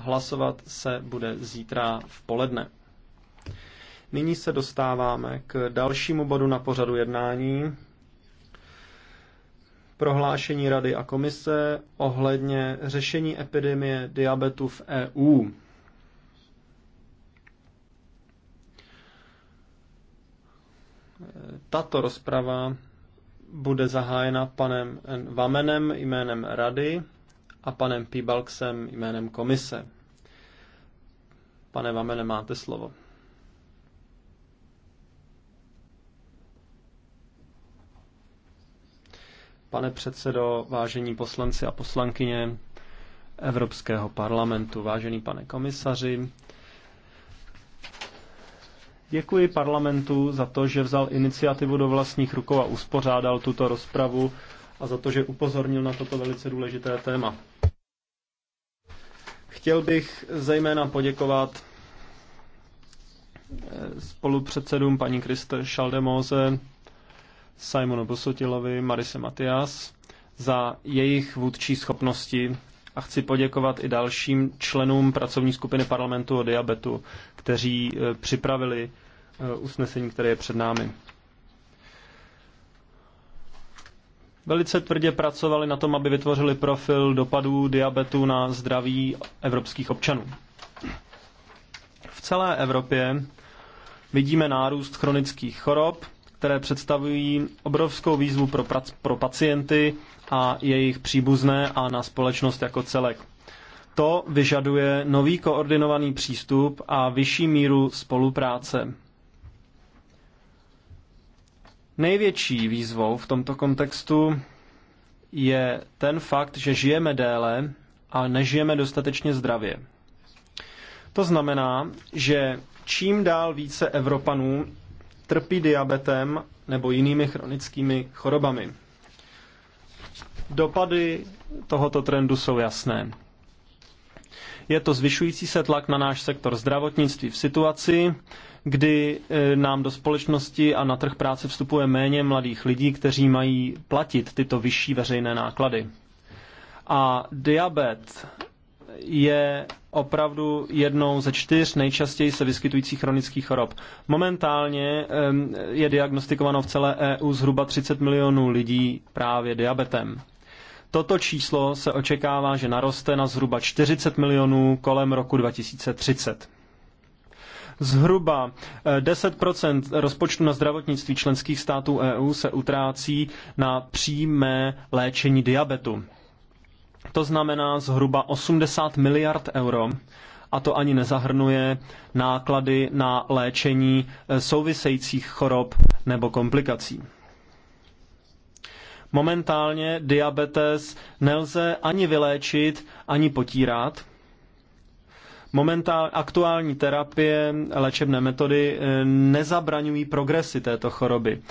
Hlasovat se bude zítra v poledne. Nyní se dostáváme k dalšímu bodu na pořadu jednání. Prohlášení Rady a komise ohledně řešení epidemie diabetu v EU. Tato rozprava bude zahájena panem Vamenem jménem Rady a panem Pibalksem jménem komise. Pane Vamene, máte slovo. Pane předsedo, vážení poslanci a poslankyně Evropského parlamentu, vážený pane komisaři, Děkuji parlamentu za to, že vzal iniciativu do vlastních rukou a uspořádal tuto rozpravu a za to, že upozornil na toto velice důležité téma. Chtěl bych zejména poděkovat eh, spolupředsedům paní Kriste Šaldemose, Simonu Bosotilovi, Marise Matias za jejich vůdčí schopnosti a chci poděkovat i dalším členům pracovní skupiny parlamentu o diabetu, kteří eh, připravili eh, usnesení, které je před námi. velice tvrdě pracovali na tom, aby vytvořili profil dopadů diabetu na zdraví evropských občanů. V celé Evropě vidíme nárůst chronických chorob, které představují obrovskou výzvu pro, prac, pro pacienty a jejich příbuzné a na společnost jako celek. To vyžaduje nový koordinovaný přístup a vyšší míru spolupráce Největší výzvou v tomto kontextu je ten fakt, že žijeme déle a nežijeme dostatečně zdravě. To znamená, že čím dál více Evropanů trpí diabetem nebo jinými chronickými chorobami. Dopady tohoto trendu jsou jasné. Je to zvyšující se tlak na náš sektor zdravotnictví v situaci, kdy e, nám do společnosti a na trh práce vstupuje méně mladých lidí, kteří mají platit tyto vyšší veřejné náklady. A diabet je opravdu jednou ze čtyř nejčastěji se vyskytujících chronických chorob. Momentálně je diagnostikováno v celé EU zhruba 30 milionů lidí právě diabetem. Toto číslo se očekává, že naroste na zhruba 40 milionů kolem roku 2030. Zhruba 10 eh, rozpočtu na zdravotnictví členských států EU se utrácí na přímé léčení diabetu. To znamená zhruba 80 miliard euro, a to ani nezahrnuje náklady na léčení eh, souvisejících chorob nebo komplikací. Momentálně diabetes nelze ani vyléčit, ani potírat. Momentál, aktuální terapie, léčebné metody eh, nezabraňují progresy této choroby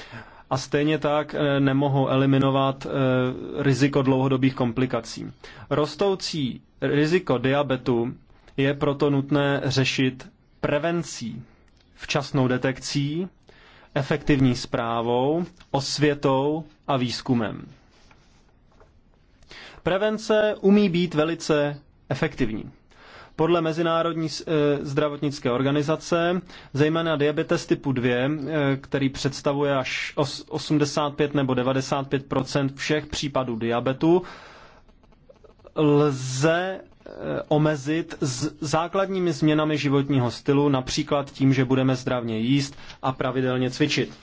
a stejně tak eh, nemohou eliminovat eh, riziko dlouhodobých komplikací. Rostoucí riziko diabetu je proto nutné řešit prevencí, včasnou detekcí efektivní zprávou, osvětou a výzkumem. Prevence umí být velice efektivní. Podle Mezinárodní e, zdravotnické organizace, zejména diabetes typu 2, e, který představuje až 85 nebo 95 všech případů diabetu, lze Eh, omezit s základními změnami životního stylu, například tím, že budeme zdravně jíst a pravidelně cvičit.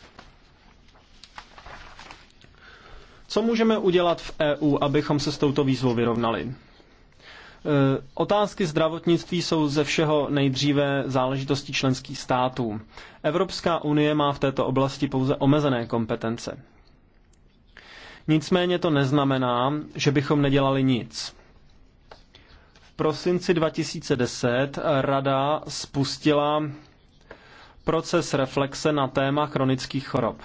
Co můžeme udělat v EU, abychom se s touto výzvou vyrovnali? Eh, otázky zdravotnictví jsou ze všeho nejdříve záležitostí členských států. Evropská unie má v této oblasti pouze omezené kompetence. Nicméně to neznamená, že bychom nedělali nic prosinci 2010 Rada spustila proces reflexe na téma chronických chorob.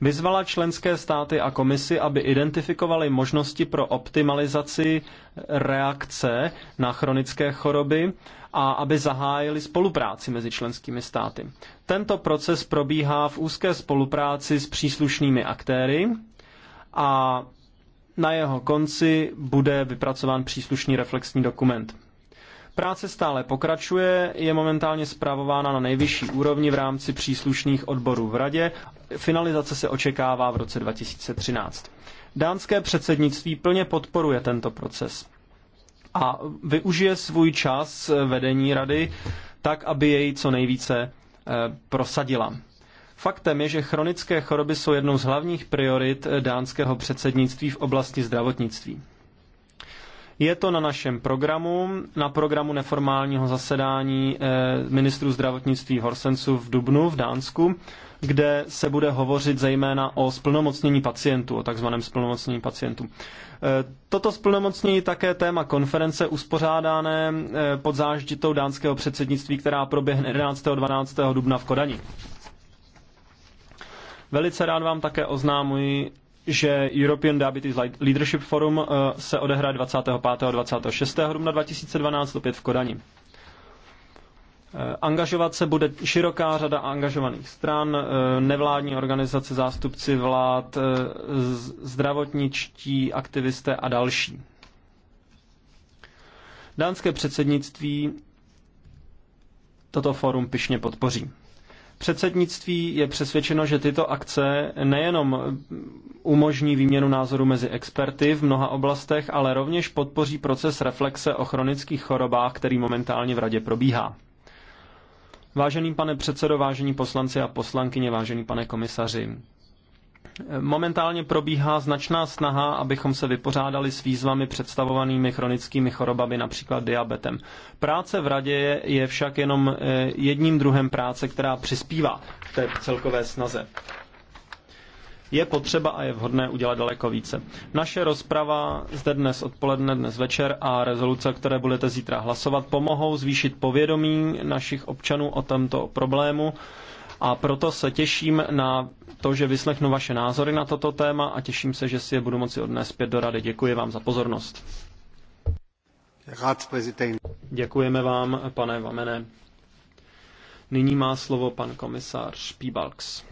Vyzvala členské státy a komisi, aby identifikovaly možnosti pro optimalizaci reakce na chronické choroby a aby zahájili spolupráci mezi členskými státy. Tento proces probíhá v úzké spolupráci s příslušnými aktéry a na jeho konci bude vypracován příslušný reflexní dokument. Práce stále pokračuje, je momentálně zpravována na nejvyšší úrovni v rámci příslušných odborů v Radě. Finalizace se očekává v roce 2013. Dánské předsednictví plně podporuje tento proces a využije svůj čas vedení Rady tak, aby jej co nejvíce eh, prosadila. Faktem je, že chronické choroby jsou jednou z hlavních priorit eh, dánského předsednictví v oblasti zdravotnictví. Je to na našem programu, na programu neformálního zasedání eh, ministrů zdravotnictví Horsensu v Dubnu v Dánsku, kde se bude hovořit zejména o splnomocnění pacientů, o takzvaném splnomocnění pacientů. Eh, toto splnomocnění je také téma konference uspořádané pod záštitou dánského předsednictví, která proběhne 11. a 12. dubna v Kodani. Velice rád vám také oznámuji, že European Diabetes Leadership Forum eh, se odehraje 25. a 26. dubna 2012 opět v Kodani. Eh, angažovat se bude široká řada angažovaných stran, eh, nevládní organizace, zástupci vlád, zdravotničtí, aktivisté a další. Dánské předsednictví toto fórum pišně podpoří. Předsednictví je přesvědčeno, že tyto akce nejenom umožní výměnu názoru mezi experty v mnoha oblastech, ale rovněž podpoří proces reflexe o chronických chorobách, který momentálně v Radě probíhá. Vážený pane předsedo, vážení poslanci a poslankyně, vážený pane komisaři, Momentálně probíhá značná snaha, abychom se vypořádali s výzvami představovanými chronickými chorobami, například diabetem. Práce v radě je však jenom eh, jedním druhem práce, která přispívá k té celkové snaze je potřeba a je vhodné udělat daleko více. Naše rozprava zde dnes odpoledne, dnes večer a rezoluce, které budete zítra hlasovat, pomohou zvýšit povědomí našich občanů o tomto problému a proto se těším na to, že vyslechnu vaše názory na toto téma a těším se, že si je budu moci odnést zpět do rady. Děkuji vám za pozornost. Děkujeme vám, pane Vamene. Nyní má slovo pan komisář Špíbalks.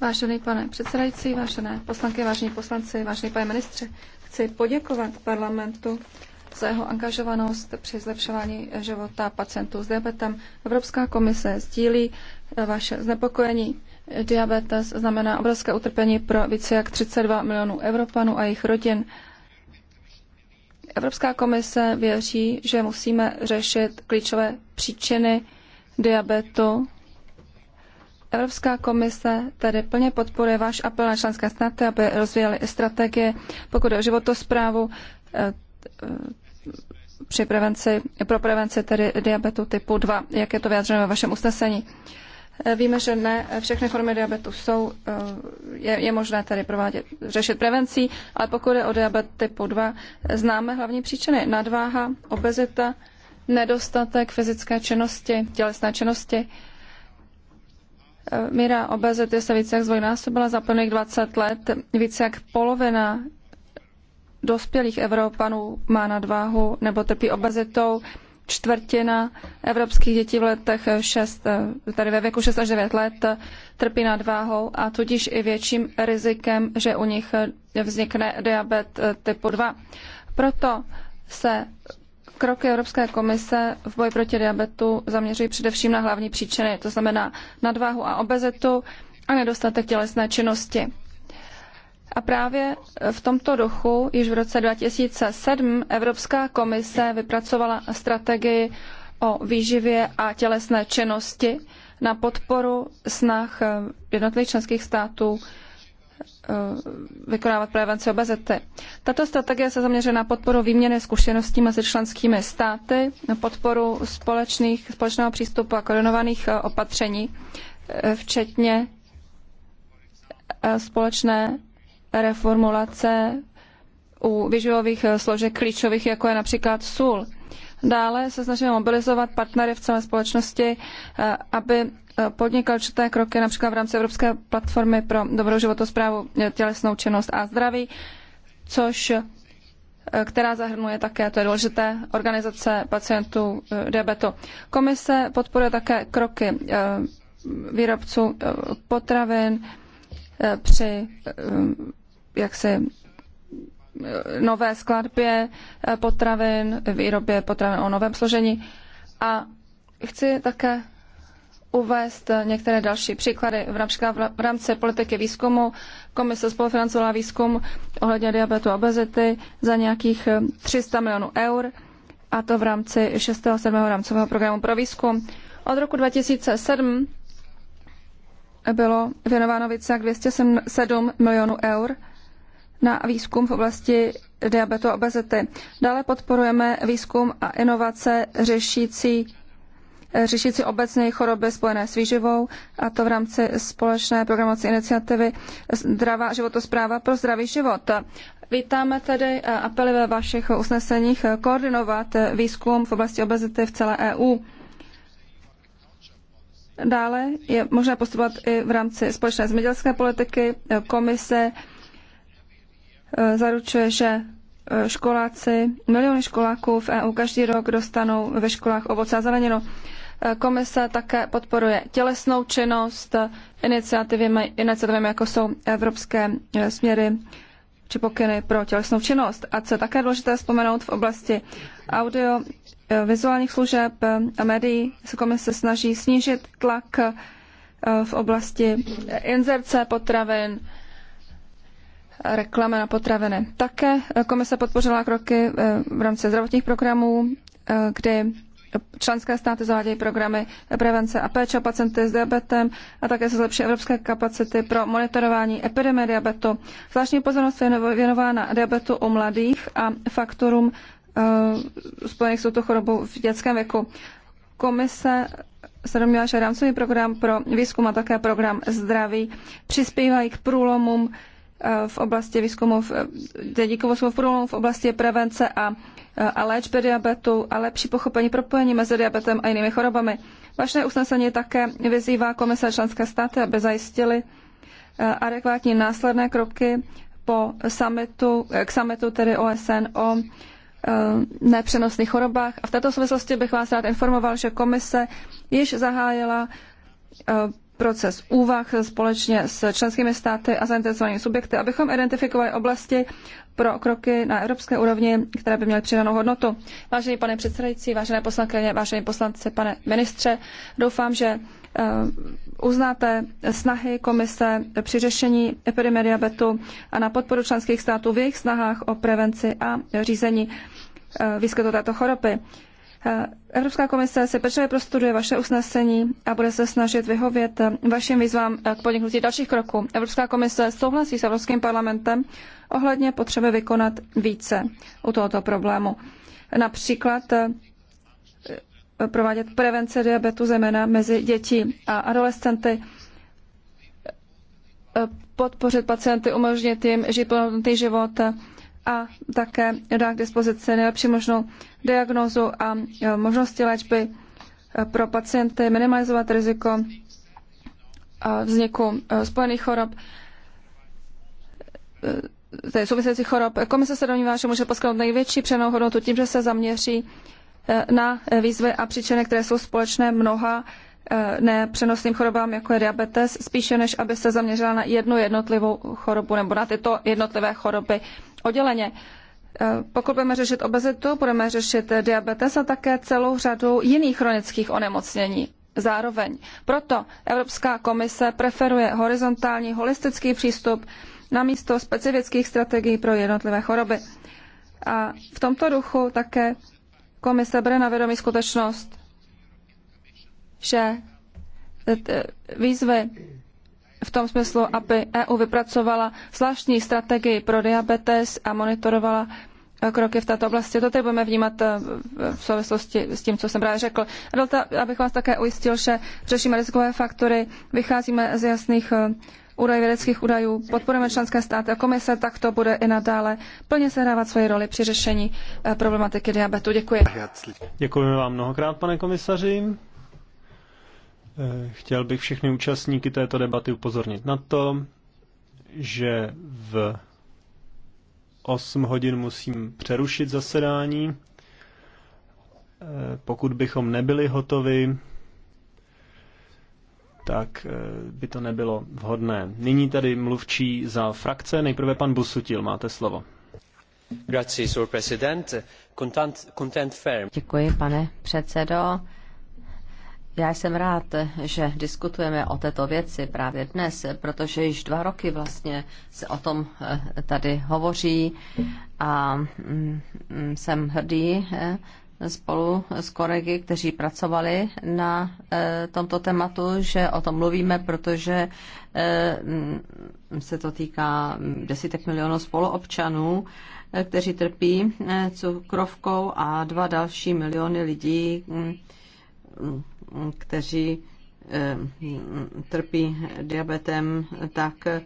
Vážený pane předsedající, vážené poslanky, vážení poslanci, vážený pane ministře, chci poděkovat parlamentu za jeho angažovanost při zlepšování života pacientů s diabetem. Evropská komise sdílí vaše znepokojení. Diabetes znamená obrovské utrpení pro více jak 32 milionů Evropanů a jejich rodin. Evropská komise věří, že musíme řešit klíčové příčiny diabetu. Evropská komise tedy plně podporuje váš apel na členské státy, aby rozvíjely strategie, pokud je o životosprávu, eh, při prevenci, pro prevenci tedy diabetu typu 2, jak je to vyjádřeno ve vašem usnesení. Eh, víme, že ne všechny formy diabetu jsou, eh, je, je možné tedy provádět, řešit prevencí, ale pokud je o diabet typu 2, známe hlavní příčiny. Nadváha, obezita, nedostatek fyzické činnosti, tělesné činnosti. Eh, míra obezity se více jak zvojnásobila za plných 20 let. Více jak polovina dospělých Evropanů má nadváhu nebo trpí obezitou, čtvrtina evropských dětí v letech 6, tady ve věku 6 až 9 let trpí nadváhou a tudíž i větším rizikem, že u nich vznikne diabet typu 2. Proto se kroky Evropské komise v boji proti diabetu zaměřují především na hlavní příčiny, to znamená nadváhu a obezitu a nedostatek tělesné činnosti. A právě v tomto duchu již v roce 2007 Evropská komise vypracovala strategii o výživě a tělesné činnosti na podporu snah jednotlivých členských států eh, vykonávat prevenci obezity. Tato strategie se zaměřuje na podporu výměny zkušeností mezi členskými státy, na podporu společných, společného přístupu a koordinovaných eh, opatření, eh, včetně společné reformulace u vyživových eh, složek klíčových, jako je například sůl. Dále se snažíme mobilizovat partnery v celé společnosti, eh, aby eh, podnikal určité kroky, například v rámci Evropské platformy pro dobrou životosprávu, tělesnou činnost a zdraví, což která zahrnuje také, to je důležité, organizace pacientů diabetu. Komise podporuje také kroky výrobců potravin při jak se nové skladbě potravin, výrobě potravin o novém složení. A chci také uvést některé další příklady. V rámci politiky výzkumu komise spolufinancovala výzkum ohledně diabetu a obezity za nějakých 300 eh, milionů eur a to v rámci 6. a 7. rámcového programu pro výzkum. Od roku 2007 bylo věnováno více jak 207 milionů eur na výzkum v oblasti diabetu a obezity. Dále podporujeme výzkum a inovace řešící řešící obecné choroby spojené s výživou, a to v rámci společné programovací iniciativy Zdravá životospráva pro zdravý život. Vítáme tedy eh, apely ve vašich usneseních eh, koordinovat eh, výzkum v oblasti obezity v celé EU. Dále je možné postupovat i v rámci společné zemědělské politiky, komise, Eh, zaručuje, že eh, školáci, miliony školáků v EU každý rok dostanou ve školách ovoce a zeleninu. Eh, komise také podporuje tělesnou činnost iniciativami, iniciativy jako jsou evropské směry či pokyny pro tělesnou činnost. A co je také důležité vzpomenout v oblasti audio, vizuálních služeb a médií, se komise snaží snížit tlak v oblasti inzerce potravin, Reklama na potraviny. Také komise podpořila kroky eh, v rámci zdravotních programů, eh, kdy členské státy zavádějí programy prevence a péče o pacienty s diabetem a také se zlepší evropské kapacity pro monitorování epidemie diabetu. Zvláštní pozornost je věnována diabetu u mladých a faktorům uh, spojených s touto chorobou v dětském věku. Komise se domnívá, že rámcový program pro výzkum a také program zdraví přispívají k průlomům Eh, v oblasti výzkumu, eh, dědíkovou smluv průlomu v oblasti prevence a, eh, a léčby diabetu a lepší pochopení propojení mezi diabetem a jinými chorobami. Vaše usnesení také vyzývá komise členské státy, aby zajistili adekvátní následné kroky po summitu, k summitu tedy OSN o nepřenosných chorobách. A v této souvislosti bych vás rád informoval, že komise již zahájila proces úvah společně s členskými státy a zainteresovanými subjekty, abychom identifikovali oblasti pro kroky na evropské úrovni, které by měly přidanou hodnotu. Vážený pane předsedající, vážené poslankyně, vážení poslanci, pane ministře, doufám, že eh, uznáte snahy komise při řešení epidemie diabetu a na podporu členských států v jejich snahách o prevenci a řízení eh, výskytu této choroby. Evropská komise se pečlivě prostuduje vaše usnesení a bude se snažit vyhovět vašim výzvám k podniknutí dalších kroků. Evropská komise souhlasí s Evropským parlamentem ohledně potřeby vykonat více u tohoto problému. Například eh, provádět prevence diabetu zejména mezi dětí a adolescenty, eh, podpořit pacienty, umožnit jim žít plnohodnotný život, a také dá k dispozici nejlepší možnou diagnózu a e, možnosti léčby e, pro pacienty, minimalizovat riziko e, vzniku spojených chorob, tedy souvisejících chorob. Komise se domnívá, že může poskytnout největší přenou hodnotu tím, že se zaměří na výzvy a příčiny, které jsou společné mnoha nepřenosným chorobám, jako je diabetes, spíše než aby se zaměřila na jednu jednotlivou chorobu nebo na tyto jednotlivé choroby odděleně. Eh, pokud budeme řešit obezitu, budeme řešit diabetes a také celou řadu jiných chronických onemocnění. Zároveň. Proto Evropská komise preferuje horizontální holistický přístup na místo specifických strategií pro jednotlivé choroby. A v tomto duchu také komise bere na vědomí skutečnost, že výzvy v tom smyslu, aby EU vypracovala zvláštní strategii pro diabetes a monitorovala eh, kroky v této oblasti. To budeme vnímat eh, v souvislosti s tím, co jsem právě řekl. Dovolte, abych vás také ujistil, že řešíme rizikové faktory, vycházíme z jasných eh, údajů, vědeckých údajů, podporujeme členské státy a komise, tak to bude i nadále plně sehrávat svoji roli při řešení problematiky diabetu. Děkuji. Děkujeme vám mnohokrát, pane komisaři. Eh, chtěl bych všechny účastníky této debaty upozornit na to, že v 8 hodin musím přerušit zasedání. Eh, pokud bychom nebyli hotovi, tak eh, by to nebylo vhodné. Nyní tady mluvčí za frakce, nejprve pan Busutil, máte slovo. Děkuji, pane předsedo. Já jsem rád, že diskutujeme o této věci právě dnes, protože již dva roky vlastně se o tom eh, tady hovoří a mm, mm, jsem hrdý eh, spolu s kolegy, kteří pracovali na eh, tomto tématu, že o tom mluvíme, protože mm, se to týká desítek milionů spoluobčanů, kteří trpí cukrovkou a dva další miliony lidí kteří eh, trpí diabetem, tak eh,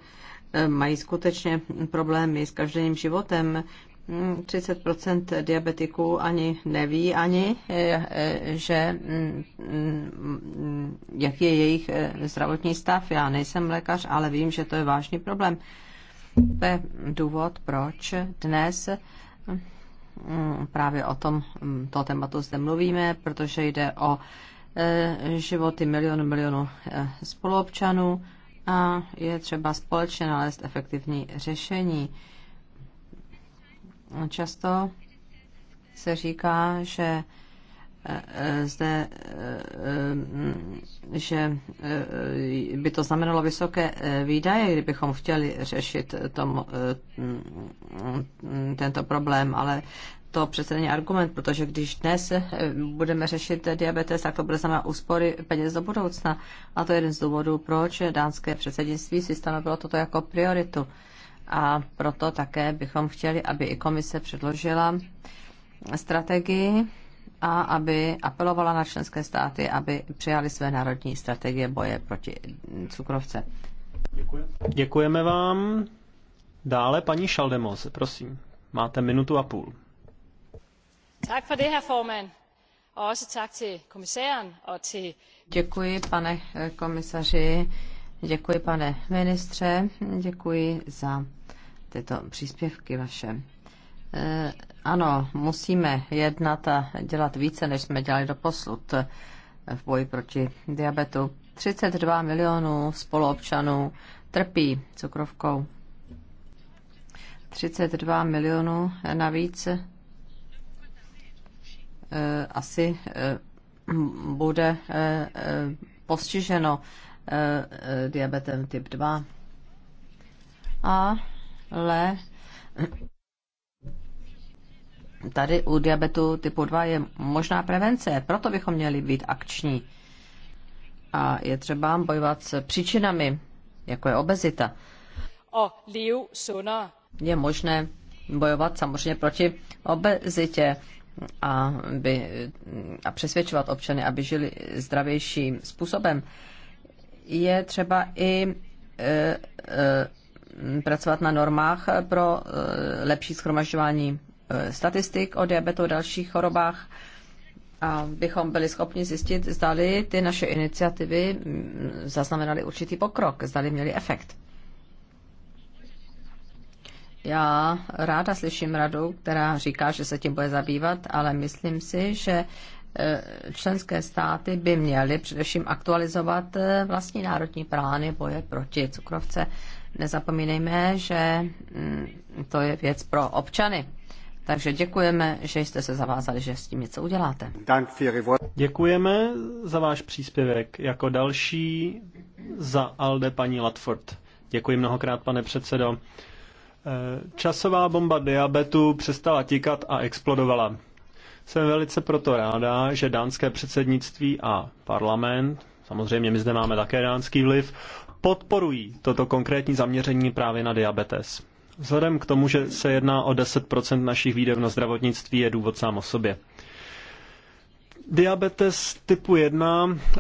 mají skutečně problémy s každodenním životem. 30 diabetiků ani neví, ani, eh, že mm, jak je jejich zdravotní stav. Já nejsem lékař, ale vím, že to je vážný problém. To je důvod, proč dnes mm, právě o tom mm, to tématu zde mluvíme, protože jde o Eh, životy milionů milionů eh, spoluobčanů a je třeba společně nalézt efektivní řešení. Často se říká, že eh, zde, mm, že by to znamenalo vysoké výdaje, kdybychom chtěli řešit tom, mm, tento problém, ale to přece není argument, protože když dnes eh, budeme řešit eh, diabetes, tak to bude znamenat úspory peněz do budoucna. A to je jeden z důvodů, proč dánské předsednictví si stanovilo toto jako prioritu. A proto také bychom chtěli, aby i komise předložila strategii a aby apelovala na členské státy, aby přijali své národní strategie boje proti cukrovce. Děkujeme vám. Dále paní Šaldemose, prosím. Máte minutu a půl. Tak for det, herr formand. også tak til til... Děkuji, pane eh, komisaři, děkuji, pane ministře, děkuji za tyto příspěvky vaše. Eh, ano, musíme jednat a dělat více, než jsme dělali do posud eh, v boji proti diabetu. 32 milionů spoluobčanů trpí cukrovkou. 32 milionů navíc Eh, asi eh, bude eh, postiženo diabetem typ 2. Ale tady u diabetu typu 2 je možná prevence, proto bychom měli být akční. A je třeba bojovat s příčinami, jako je obezita. Je možné bojovat samozřejmě proti obezitě a, by, a přesvědčovat občany, aby žili zdravějším způsobem, je třeba i e, e, pracovat na normách pro e, lepší schromažďování e, statistik o diabetu a dalších chorobách, Bychom byli schopni zjistit, zdali ty naše iniciativy zaznamenaly určitý pokrok, zdali měly efekt. Já ráda slyším radu, která říká, že se tím bude zabývat, ale myslím si, že e, členské státy by měly především aktualizovat e, vlastní národní plány boje proti cukrovce. Nezapomínejme, že mm, to je věc pro občany. Takže děkujeme, že jste se zavázali, že s tím něco uděláte. Děkujeme za váš příspěvek. Jako další za Alde paní Latford. Děkuji mnohokrát, pane předsedo. Eh, časová bomba diabetu přestala tikat a explodovala. Jsem velice proto ráda, že dánské předsednictví a parlament, samozřejmě my zde máme také dánský vliv, podporují toto konkrétní zaměření právě na diabetes. Vzhledem k tomu, že se jedná o 10 našich výdev na zdravotnictví, je důvod sám o sobě. Diabetes typu 1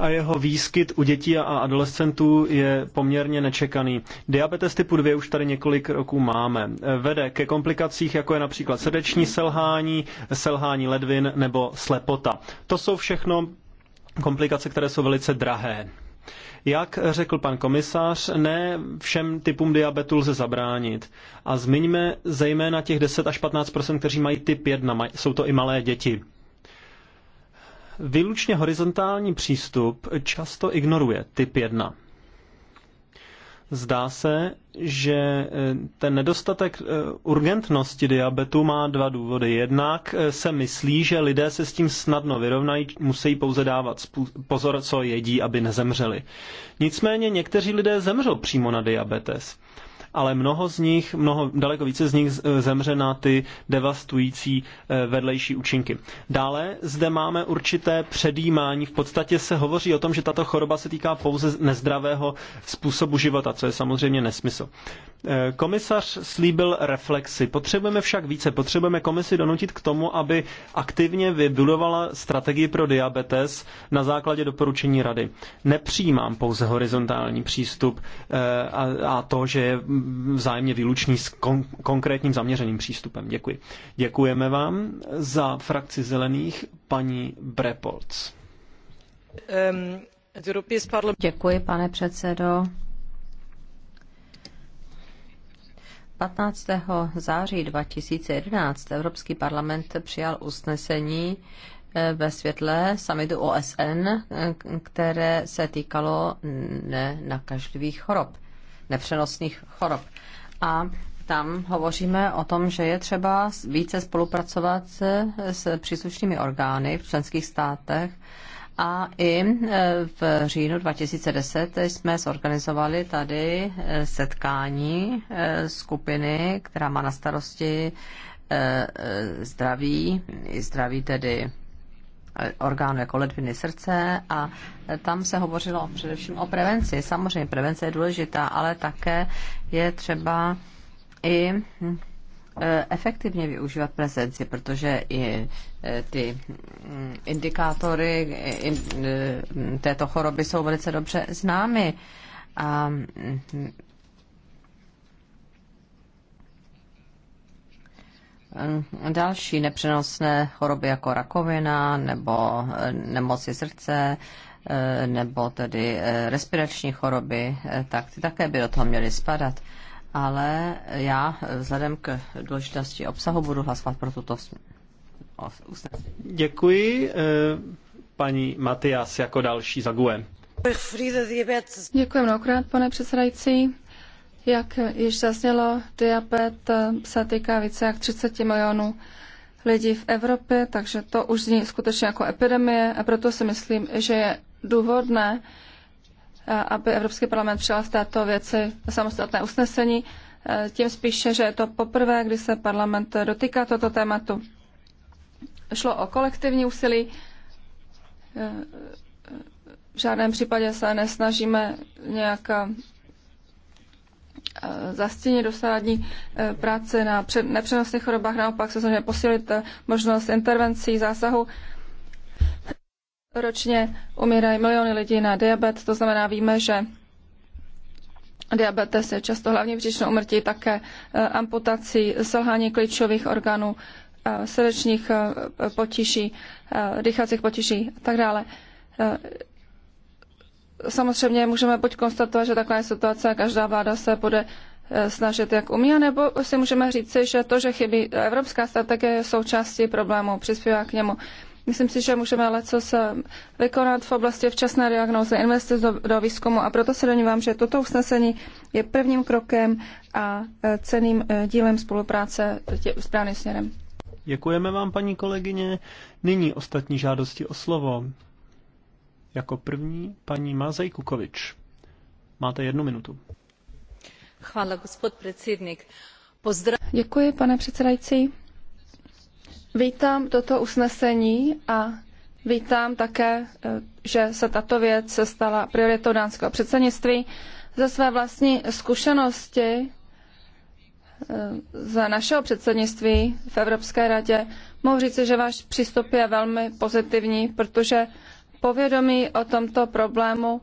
a jeho výskyt u dětí a adolescentů je poměrně nečekaný. Diabetes typu 2 už tady několik roků máme. Vede ke komplikacích, jako je například srdeční selhání, selhání ledvin nebo slepota. To jsou všechno komplikace, které jsou velice drahé. Jak řekl pan komisař, ne všem typům diabetu lze zabránit. A zmiňme zejména těch 10 až 15 kteří mají typ 1, jsou to i malé děti výlučně horizontální přístup často ignoruje typ 1. Zdá se, že eh, ten nedostatek eh, urgentnosti diabetu má dva důvody. Jednak eh, se myslí, že lidé se s tím snadno vyrovnají, musí pouze dávat pozor, co jedí, aby nezemřeli. Nicméně někteří lidé zemřou přímo na diabetes ale mnoho z nich, mnoho, daleko více z nich zemře na ty devastující eh, vedlejší účinky. Dále zde máme určité předjímání. V podstatě se hovoří o tom, že tato choroba se týká pouze nezdravého způsobu života, co je samozřejmě nesmysl. Eh, komisař slíbil reflexy. Potřebujeme však více. Potřebujeme komisi donutit k tomu, aby aktivně vybudovala strategii pro diabetes na základě doporučení rady. Nepřijímám pouze horizontální přístup eh, a to, že je vzájemně výlučný s kon- konkrétním zaměřeným přístupem. Děkuji. Děkujeme vám za frakci zelených paní Brepolc. Děkuji, pane předsedo. 15. září 2011 Evropský parlament přijal usnesení eh, ve světle samitu OSN, eh, které se týkalo nenakažlivých chorob nepřenosných chorob. A tam hovoříme o tom, že je třeba více spolupracovat s příslušnými orgány v členských státech. A i e, v říjnu 2010 jsme zorganizovali tady e, setkání e, skupiny, která má na starosti zdraví, zdraví tedy orgánů jako ledviny srdce a tam se hovořilo především o prevenci. Samozřejmě prevence je důležitá, ale také je třeba i hm, e, efektivně využívat prezenci, protože i e, ty hm, indikátory e, této choroby jsou velice dobře známy. A hm, Eh, další nepřenosné choroby jako rakovina nebo eh, nemoci srdce eh, nebo tedy respirační choroby, tak ty také by do toho měly spadat. Ale já vzhledem k důležitosti obsahu budu hlasovat pro tuto usnesení. Děkuji. Paní Matias jako další za GUE. Děkuji mnohokrát, pane předsedající. Jak již zaznělo, diabet eh, se týká více jak 30 milionů lidí v Evropě, takže to už zní skutečně jako epidemie a proto si myslím, že je důvodné, eh, aby Evropský parlament přijal v této věci samostatné usnesení, eh, tím spíše, že je to poprvé, kdy se parlament dotýká toto tématu. Šlo o kolektivní úsilí. V žádném případě se nesnažíme nějak Eh, zastínit dosávadní eh, práce na nepřenosných chorobách, naopak se snažíme posílit eh, možnost intervencí, zásahu. Ročně umírají miliony lidí na diabet, to znamená, víme, že diabetes je často hlavní příčinou umrtí, také amputací, selhání klíčových orgánů, srdečních potíží, dýchacích potíží a tak dále samozřejmě můžeme buď konstatovat, že taková je situace a každá vláda se bude eh, snažit, jak umí, nebo si můžeme říci, že to, že chybí evropská strategie, je součástí problému, přispívá k němu. Myslím si, že můžeme ale co se vykonat v oblasti včasné diagnózy, investic do, do výzkumu a proto se domnívám, že toto usnesení je prvním krokem a eh, ceným eh, dílem spolupráce s správným směrem. Děkujeme vám, paní kolegyně. Nyní ostatní žádosti o slovo. Jako první paní Mazej Kukovič. Máte jednu minutu. Chvála, gospod předsednik. Pozdrav... Děkuji, pane předsedající. Vítám toto usnesení a vítám také, eh, že se tato věc stala prioritou dánského předsednictví. Ze své vlastní zkušenosti eh, za našeho předsednictví v Evropské radě mohu říci, že váš přístup je velmi pozitivní, protože povědomí o tomto problému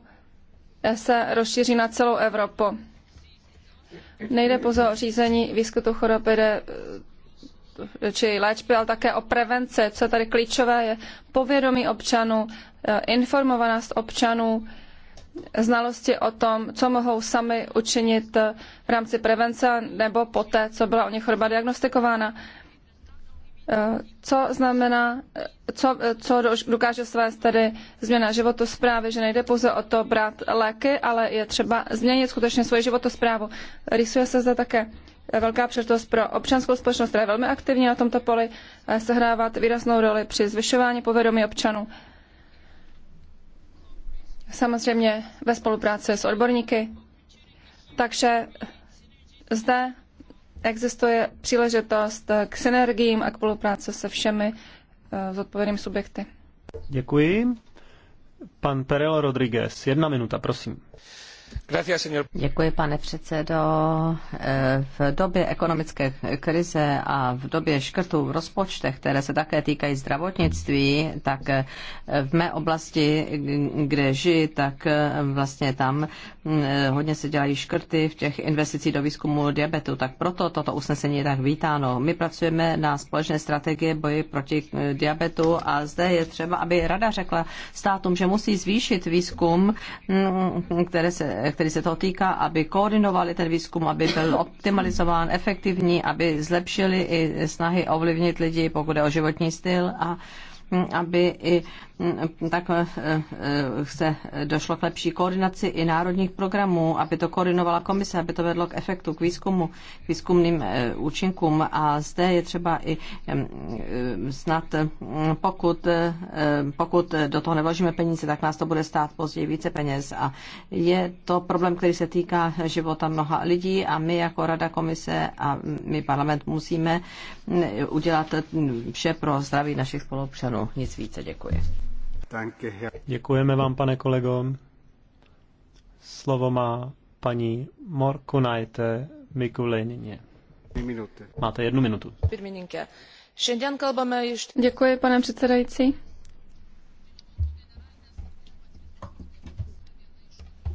se rozšíří na celou Evropu. Nejde pouze o řízení výskytu choroby eh, či léčby, ale také o prevenci. Co je tady klíčové, je povědomí občanů, eh, informovanost občanů, znalosti o tom, co mohou sami učinit eh, v rámci prevence nebo poté, co byla u nich choroba diagnostikována co znamená, co, co dokáže svést tedy změna životosprávy, že nejde pouze o to brát léky, ale je třeba změnit skutečně svoji životosprávu. Rysuje se zde také velká příležitost pro občanskou společnost, která je velmi aktivní na tomto poli, sehrávat výraznou roli při zvyšování povědomí občanů. Samozřejmě ve spolupráci s odborníky. Takže zde existuje příležitost k synergiím a k spolupráci se všemi zodpovědnými eh, subjekty. Děkuji. Pan Perel Rodriguez, jedna minuta, prosím. Děkuji, pane předsedo. Eh, v době ekonomické krize a v době škrtů v rozpočtech, které se také týkají zdravotnictví, tak eh, v mé oblasti, kde žiji, tak vlastně tam Eh, hodně se dělají škrty v těch investicích do výzkumu diabetu, tak proto toto usnesení je tak vítáno. My pracujeme na společné strategie boji proti eh, diabetu a zde je třeba, aby rada řekla státům, že musí zvýšit výzkum, mm, které se, který se toho týká, aby koordinovali ten výzkum, aby byl optimalizován, efektivní, aby zlepšili i snahy ovlivnit lidi, pokud je o životní styl a aby i mm, tak eh, eh, se došlo k lepší koordinaci i národních programů, aby to koordinovala komise, aby to vedlo k efektu, k výzkumu, k výzkumným eh, účinkům. A zde je třeba i mm, snad, mm, pokud, pokud do toho nevložíme peníze, tak nás to bude stát později více peněz. A je to problém, který se týká života mnoha lidí a my jako Rada komise a my parlament musíme udělat vše pro zdraví našich spolupčanů ano, Nic více, děkuji. Děkujeme vám, pane kolego. Slovo má paní Morkunajte Mikulenině. Máte jednu minutu. Děkuji, pane předsedající.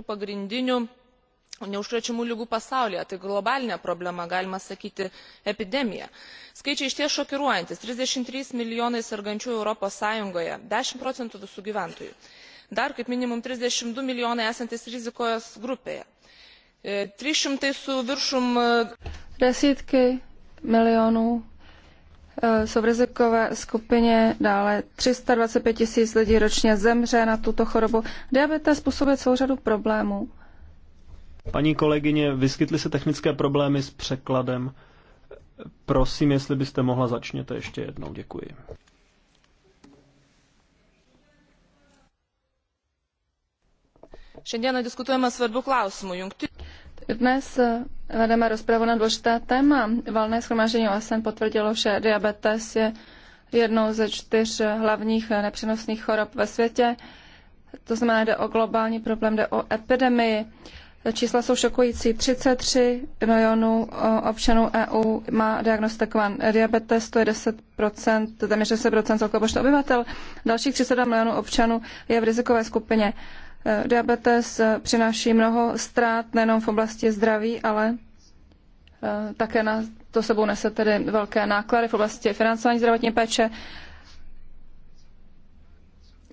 Pagrindinių neužkrečiamų ligų pasaulyje tai globalinė problema galima sakyti epidemija. skaičiai išties šokiruojantys trisdešimt trys milijonai sergančiųjų europos sąjungoje dešimt procentų visų gyventojų dar kaip minimum trisdešimt du milijonai esantys rizikos grupėje e, trys šimtai su viršum e, desítky milionů e, jsou v rizikové skupině, dále 325 tisíc lidí ročně zemře na tuto chorobu. Diabetes způsobuje celou řadu problémů Paní kolegyně, vyskytly se technické problémy s překladem. Prosím, jestli byste mohla začněte ještě jednou. Děkuji. Šiandieną diskutujeme svarbių klausimų. Dnes eh, vedeme rozpravu na důležité téma. Valné schromáždění OSN potvrdilo, že diabetes je jednou ze čtyř hlavních nepřenosných chorob ve světě. To znamená, jde o globální problém, jde o epidemii. Čísla jsou šokující. 33 milionů eh, občanů EU má diagnostikovan diabetes, to je 10 téměř 10 celkového počtu obyvatel. Dalších 32 milionů občanů je v rizikové skupině. Eh, diabetes eh, přináší mnoho ztrát nejenom v oblasti zdraví, ale také na to sebou nese tedy velké náklady v oblasti financování zdravotní péče.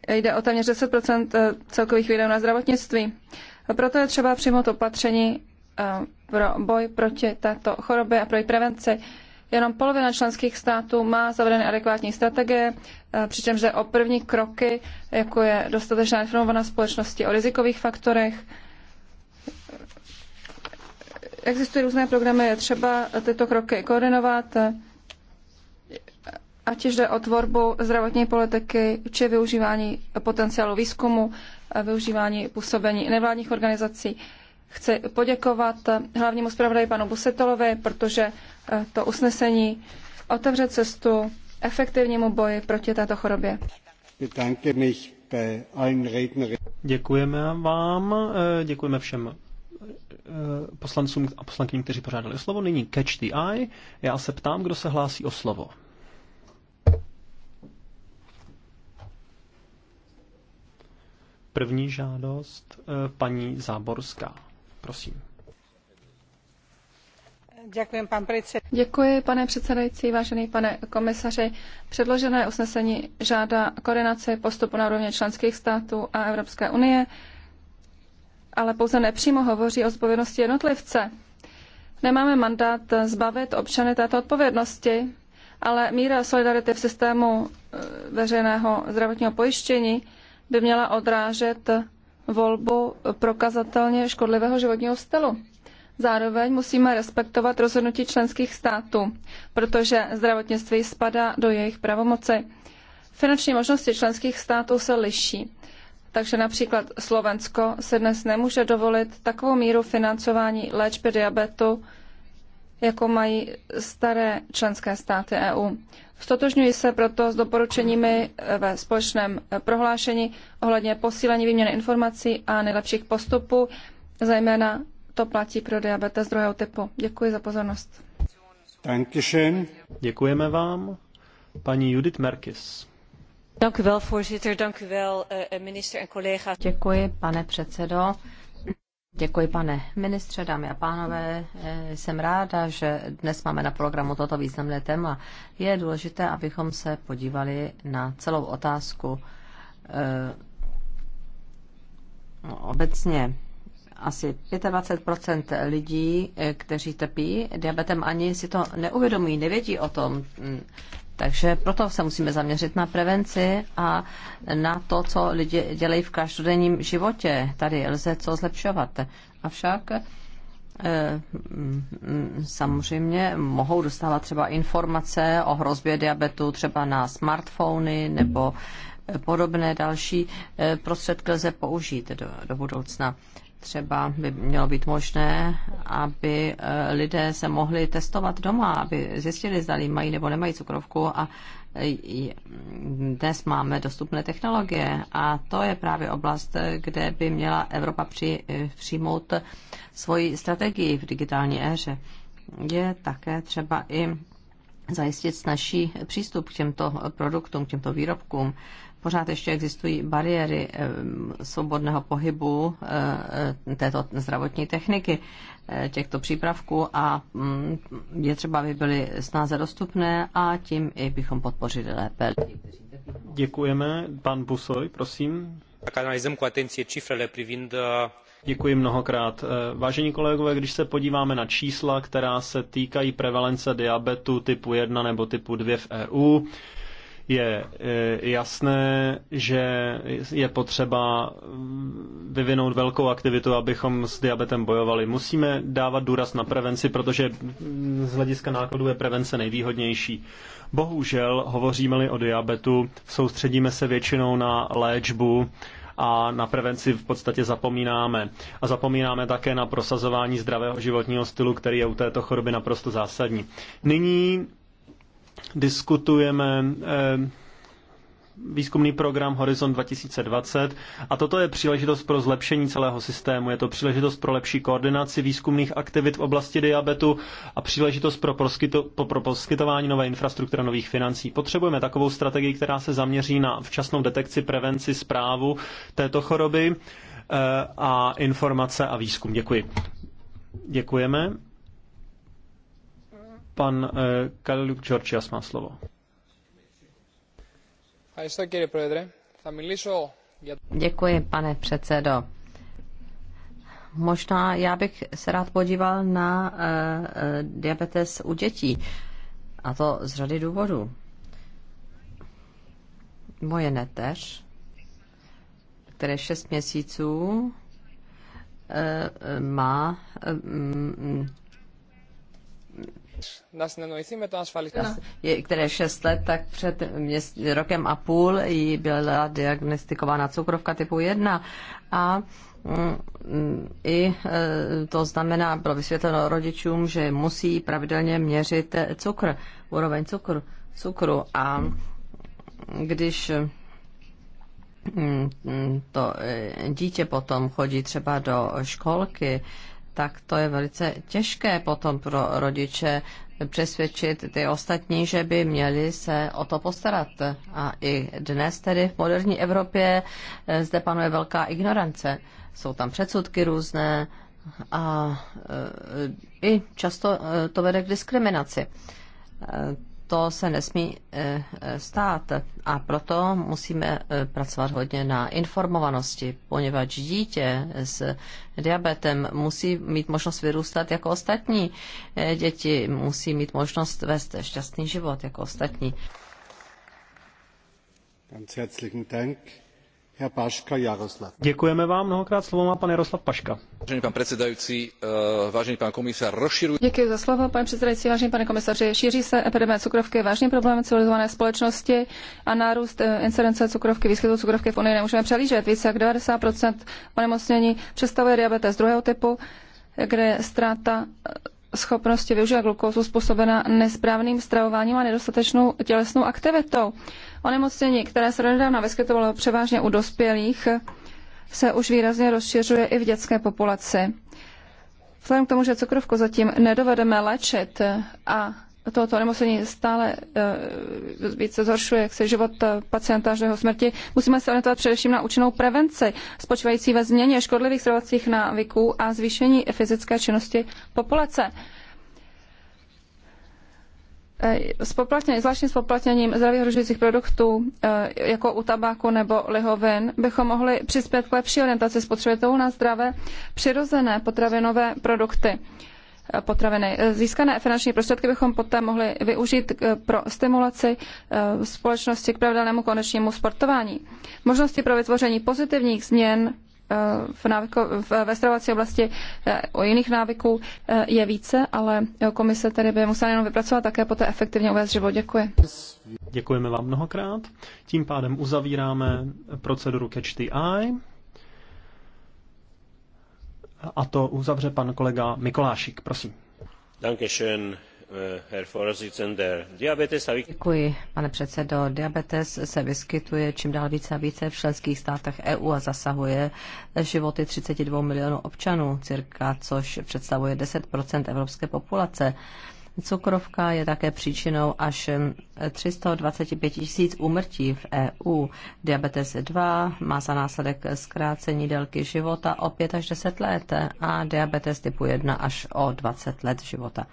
Jde o téměř 10 celkových výdajů na zdravotnictví. Proto je třeba přijmout opatření eh, pro boj proti této chorobě a pro její prevenci. Jenom polovina členských států má zavedeny adekvátní strategie, eh, přičemž jde o první kroky, jako je dostatečná informovaná společnosti o rizikových faktorech. Existují různé programy, je třeba tyto kroky koordinovat ať už jde o tvorbu zdravotní politiky, či využívání potenciálu výzkumu, eh, využívání působení nevládních organizací. Chci poděkovat eh, hlavnímu zpravodaji panu Busetolovi, protože eh, to usnesení otevře cestu efektivnímu boji proti této chorobě. Děkujeme vám, děkujeme všem poslancům a poslankyním, kteří pořádali slovo. Nyní catch the eye. Já se ptám, kdo se hlásí o slovo. První žádost eh, paní Záborská. Prosím. Děkuji, pan Děkuji, pane předsedající, vážený pane komisaři. Předložené usnesení žádá koordinaci postupu na úrovni členských států a Evropské unie, ale pouze nepřímo hovoří o zpovědnosti jednotlivce. Nemáme mandát zbavit občany této odpovědnosti, ale míra solidarity v systému eh, veřejného zdravotního pojištění by měla odrážet volbu prokazatelně škodlivého životního stylu. Zároveň musíme respektovat rozhodnutí členských států, protože zdravotnictví spadá do jejich pravomoci. Finanční možnosti členských států se liší. Takže například Slovensko se dnes nemůže dovolit takovou míru financování léčby diabetu, jako mají staré členské státy EU. Stotožňuji se proto s doporučeními ve společném prohlášení ohledně posílení výměny informací a nejlepších postupů, zejména to platí pro diabetes druhého typu. Děkuji za pozornost. Dankeschön. Děkujeme vám. Paní Judith Merkis. Eh, eh, Děkuji, pane předsedo. Děkuji, pane ministře, dámy a pánové. Eh, jsem ráda, že dnes máme na programu toto významné téma. Je důležité, abychom se podívali na celou otázku eh, obecně asi 25 lidí, eh, kteří trpí diabetem, ani si to neuvědomují, nevědí o tom. Takže proto se musíme zaměřit na prevenci a na to, co lidi dělají v každodenním životě. Tady lze co zlepšovat. Avšak eh, mm, samozřejmě mohou dostávat třeba informace o hrozbě diabetu třeba na smartfony nebo podobné další eh, prostředky lze použít do, do budoucna třeba by mělo být možné, aby eh, lidé se mohli testovat doma, aby zjistili, zda mají nebo nemají cukrovku a eh, dnes máme dostupné technologie a to je právě oblast, kde by měla Evropa při, eh, přijmout svoji strategii v digitální éře. Je také třeba i zajistit snažší přístup k těmto produktům, k těmto výrobkům pořád ještě existují bariéry eh, svobodného pohybu eh, této zdravotní techniky, eh, těchto přípravků a mm, je třeba, aby byly snáze dostupné a tím i bychom podpořili lépe. Děkujeme. Pan Busoj, prosím. Tak analyzujeme ku atenci čífrele privind uh, Děkuji mnohokrát. Vážení kolegové, když se podíváme na čísla, která se týkají prevalence diabetu typu 1 nebo typu 2 v EU, je e, jasné, že je potřeba vyvinout velkou aktivitu, abychom s diabetem bojovali. Musíme dávat důraz na prevenci, protože z hlediska nákladů je prevence nejvýhodnější. Bohužel, hovoříme-li o diabetu, soustředíme se většinou na léčbu, a na prevenci v podstatě zapomínáme. A zapomínáme také na prosazování zdravého životního stylu, který je u této choroby naprosto zásadní. Nyní diskutujeme eh, výzkumný program Horizon 2020 a toto je příležitost pro zlepšení celého systému. Je to příležitost pro lepší koordinaci výzkumných aktivit v oblasti diabetu a příležitost pro, proskyto, pro poskytování nové infrastruktury nových financí. Potřebujeme takovou strategii, která se zaměří na včasnou detekci, prevenci, zprávu této choroby eh, a informace a výzkum. Děkuji. Děkujeme. Pan eh, Kaliluk Georgias má slovo. Děkuji, pane předsedo. Možná já bych se rád podíval na eh, diabetes u dětí, a to z řady důvodů. Moje neteř, které šest měsíců eh, má mm, No, které šest let, tak před rokem a půl jí byla diagnostikována cukrovka typu 1 a mm, i e, to znamená, bylo vysvětleno rodičům, že musí pravidelně měřit e, cukr, úroveň cukru, cukru a když mm, mm, to e, dítě potom chodí třeba do školky, tak to je velice těžké potom pro rodiče přesvědčit ty ostatní, že by měli se o to postarat. A i dnes tedy v moderní Evropě eh, zde panuje velká ignorance. Jsou tam předsudky různé a eh, i často eh, to vede k diskriminaci to se nesmí eh, stát. A proto musíme eh, pracovat hodně na informovanosti, poněvadž dítě s diabetem musí mít možnost vyrůstat jako ostatní eh, děti, musí mít možnost vést šťastný život jako ostatní. Ganz herzlichen Dank. Děkujeme vám mnohokrát. Slovo má Paška. Vážený pan předsedající, eh, vážený Děkuji za pane předsedající, vážený pane komisaři. Šíří se epidemie cukrovky, vážný problém civilizované společnosti a nárůst eh, incidence cukrovky, výskytu cukrovky v Unii nemůžeme přehlížet. Více jak ninety onemocnění představuje diabetes druhého typu, kde ztráta eh, schopnosti využívat glukózu způsobena nesprávným stravováním a nedostatečnou tělesnou aktivitou. Onemocnění, které se nedávno vyskytovalo převážně u dospělých, se už výrazně rozšiřuje i v dětské populaci. Vzhledem k tomu, že cukrovku zatím nedovedeme léčit a toto onemocnění stále eh, více zhoršuje jak se život eh, pacienta až do jeho smrti, musíme se orientovat především na účinnou prevenci, spočívající ve změně škodlivých stravovacích návyků a zvýšení fyzické činnosti populace. Eh, spoplatnění, zvláštním spoplatněním zdraví hrožujících produktů, eh, jako u tabáku nebo lihovin, bychom mohli přispět k lepší orientaci spotřebitelů na zdravé přirozené potravinové produkty eh, potraviny. Získané finanční prostředky bychom poté mohli využít pro stimulaci společnosti k pravidelnému konečnímu sportování. Možnosti pro vytvoření pozitivních změn v, návyko, v, ve stravovací oblasti eh, o jiných návyků eh, je více, ale komise tedy by musela jenom vypracovat také poté efektivně uvést život. Děkuji. Děkujeme vám mnohokrát. Tím pádem uzavíráme proceduru Catch the Eye. A to uzavře pan kolega Mikolášik, prosím. Dankeschön, Eh, Děkuji, pane předsedo. Diabetes se vyskytuje čím dál více a více v členských státech EU a zasahuje životy 32 milionů občanů, cirka, což představuje 10 evropské populace. Cukrovka je také příčinou až 325 tisíc úmrtí v EU. Diabetes 2 má za následek zkrácení délky života o 5 až 10 let a diabetes typu 1 až o 20 let života.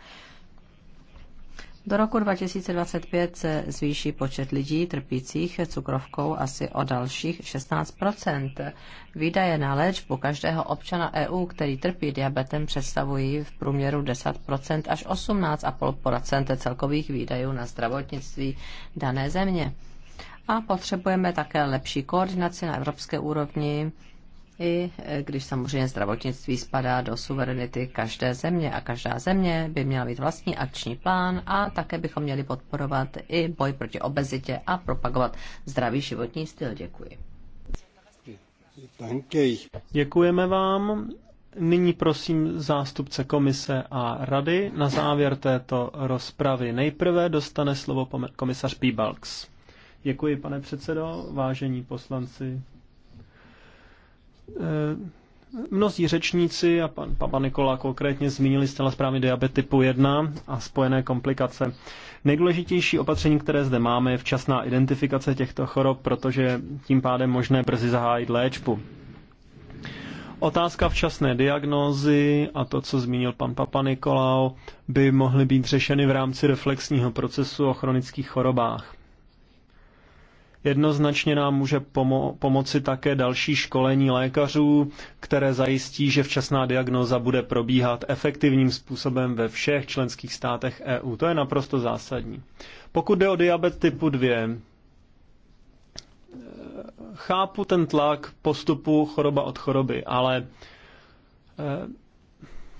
Do roku 2025 se zvýší počet lidí trpících cukrovkou asi o dalších 16 Výdaje na léčbu každého občana EU, který trpí diabetem, představují v průměru 10 až 18,5 celkových výdajů na zdravotnictví dané země. A potřebujeme také lepší koordinaci na evropské úrovni i eh, když samozřejmě zdravotnictví spadá do suverenity každé země a každá země by měla mít vlastní akční plán a také bychom měli podporovat i boj proti obezitě a propagovat zdravý životní styl. Děkuji. Děkujeme vám. Nyní prosím zástupce komise a rady na závěr této rozpravy. Nejprve dostane slovo komisař Pibalks. Děkuji, pane předsedo, vážení poslanci, Eh, mnozí řečníci a pan Papa Nikola konkrétně zmínili zcela správně diabet typu 1 a spojené komplikace. Nejdůležitější opatření, které zde máme, je včasná identifikace těchto chorob, protože tím pádem možné brzy zahájit léčbu. Otázka včasné diagnózy a to, co zmínil pan Papa Nikolao, by mohly být řešeny v rámci reflexního procesu o chronických chorobách. Jednoznačně nám může pomo- pomoci také další školení lékařů, které zajistí, že včasná diagnoza bude probíhat efektivním způsobem ve všech členských státech EU. To je naprosto zásadní. Pokud jde o diabet typu 2, eh, chápu ten tlak postupu choroba od choroby, ale eh,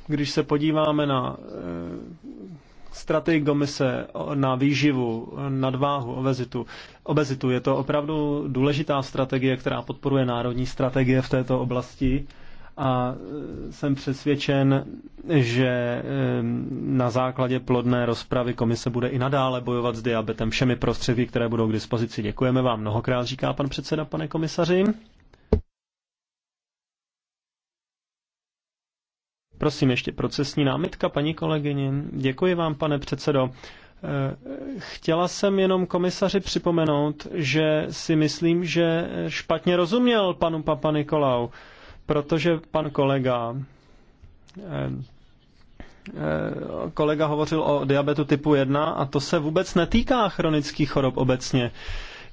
když se podíváme na eh, strategii komise na výživu, nadváhu, obezitu. obezitu. Je to opravdu důležitá strategie, která podporuje národní strategie v této oblasti a e, jsem přesvědčen, že e, na základě plodné rozpravy komise bude i nadále bojovat s diabetem všemi prostředky, které budou k dispozici. Děkujeme vám mnohokrát, říká pan předseda, pane komisaři. Prosím, ještě procesní námitka, paní kolegyně. Děkuji vám, pane předsedo. Eh, chtěla jsem jenom komisaři připomenout, že si myslím, že špatně rozuměl panu Papa Nikolau, protože pan kolega eh, eh, kolega hovořil o diabetu typu 1 a to se vůbec netýká chronických chorob obecně.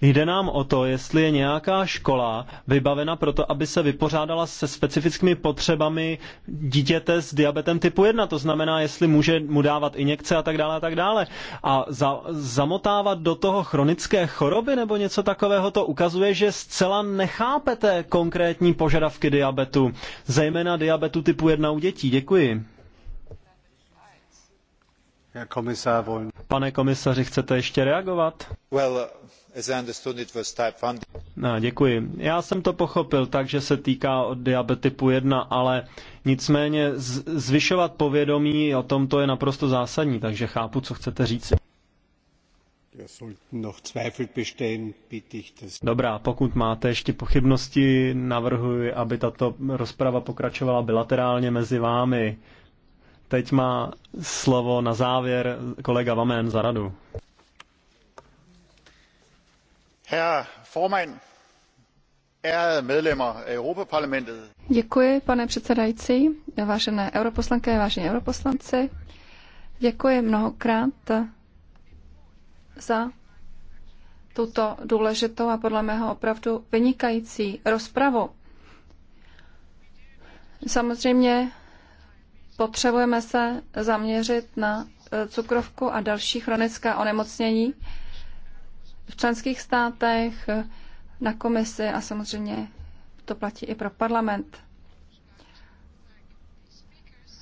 Jde nám o to, jestli je nějaká škola vybavena pro to, aby se vypořádala se specifickými potřebami dítěte s diabetem typu 1. To znamená, jestli může mu dávat injekce a tak dále a tak dále. A za, zamotávat do toho chronické choroby nebo něco takového to ukazuje, že zcela nechápete konkrétní požadavky diabetu, zejména diabetu typu 1 u dětí. Děkuji. Pane komisaři, chcete ještě reagovat? Well, uh... No, děkuji. Já jsem to pochopil tak, že se týká od typu 1, ale nicméně zvyšovat povědomí o tom to je naprosto zásadní, takže chápu, co chcete říct. Dobrá, pokud máte ještě pochybnosti, navrhuji, aby tato rozprava pokračovala bilaterálně mezi vámi. Teď má slovo na závěr kolega Vamen za radu formand ærede medlemmer af europa parlamentet Děkuji, pane předsedající, vážené europoslanky, vážení europoslanci. Děkuji mnohokrát za tuto důležitou a podle mého opravdu vynikající rozpravu. Samozřejmě potřebujeme se zaměřit na cukrovku a další chronická onemocnění, v členských státech, na komisi a samozřejmě to platí i pro parlament.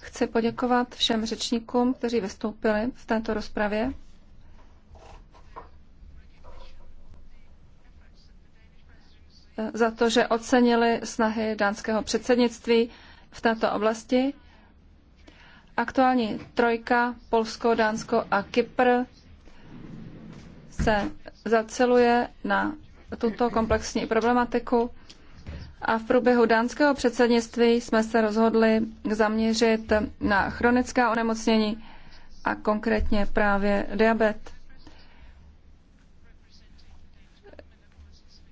Chci poděkovat všem řečníkům, kteří vystoupili v této rozpravě. za to, že ocenili snahy dánského předsednictví v této oblasti. Aktuální trojka Polsko, Dánsko a Kypr se zaceluje na tuto komplexní problematiku a v průběhu dánského předsednictví jsme se rozhodli zaměřit na chronická onemocnění a konkrétně právě diabet.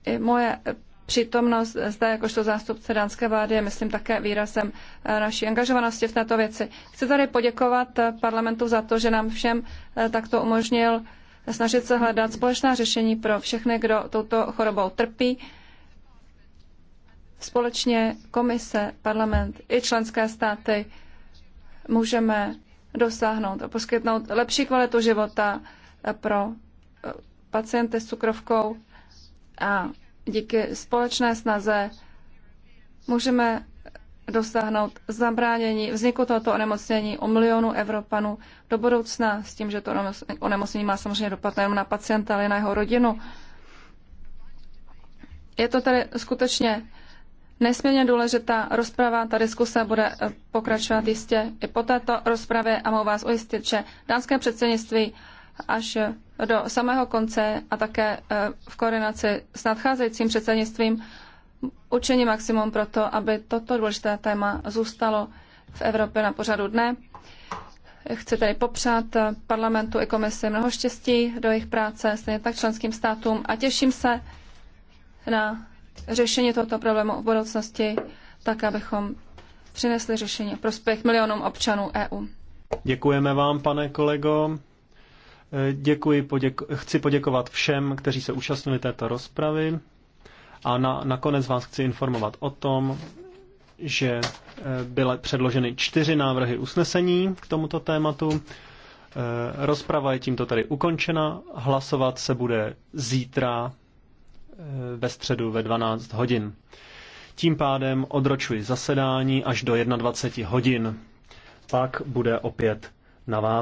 I moje přítomnost zde jakožto zástupce dánské vlády je, myslím, také výrazem eh, naší angažovanosti v této věci. Chci tady poděkovat eh, parlamentu za to, že nám všem eh, takto umožnil snažit se hledat společná řešení pro všechny, kdo touto chorobou trpí. Společně komise, parlament i členské státy můžeme dosáhnout a poskytnout lepší kvalitu života pro eh, pacienty s cukrovkou a díky společné snaze můžeme dosáhnout zabránění vzniku tohoto onemocnění o milionu Evropanů do budoucna, s tím, že to onemocnění má samozřejmě dopad nejen na pacienta, ale i na jeho rodinu. Je to tady skutečně nesmírně důležitá rozprava. Ta diskuse bude eh, pokračovat jistě i po této rozpravě a mohu vás ujistit, že dánské předsednictví až eh, do samého konce a také eh, v koordinaci s nadcházejícím předsednictvím Učení maximum pro to, aby toto důležité téma zůstalo v Evropě na pořadu dne. Chci tedy popřát parlamentu i komisi mnoho štěstí do jejich práce, stejně tak členským státům a těším se na řešení tohoto problému v budoucnosti, tak abychom přinesli řešení prospěch milionům občanů EU. Děkujeme vám, pane kolego. Děkuji, poděku, chci poděkovat všem, kteří se účastnili této rozpravy. A na, nakonec vás chci informovat o tom, že eh, byly předloženy čtyři návrhy usnesení k tomuto tématu. Eh, rozprava je tímto tady ukončena. Hlasovat se bude zítra eh, ve středu ve 12 hodin. Tím pádem odročuji zasedání až do 21 hodin. Pak bude opět na vás.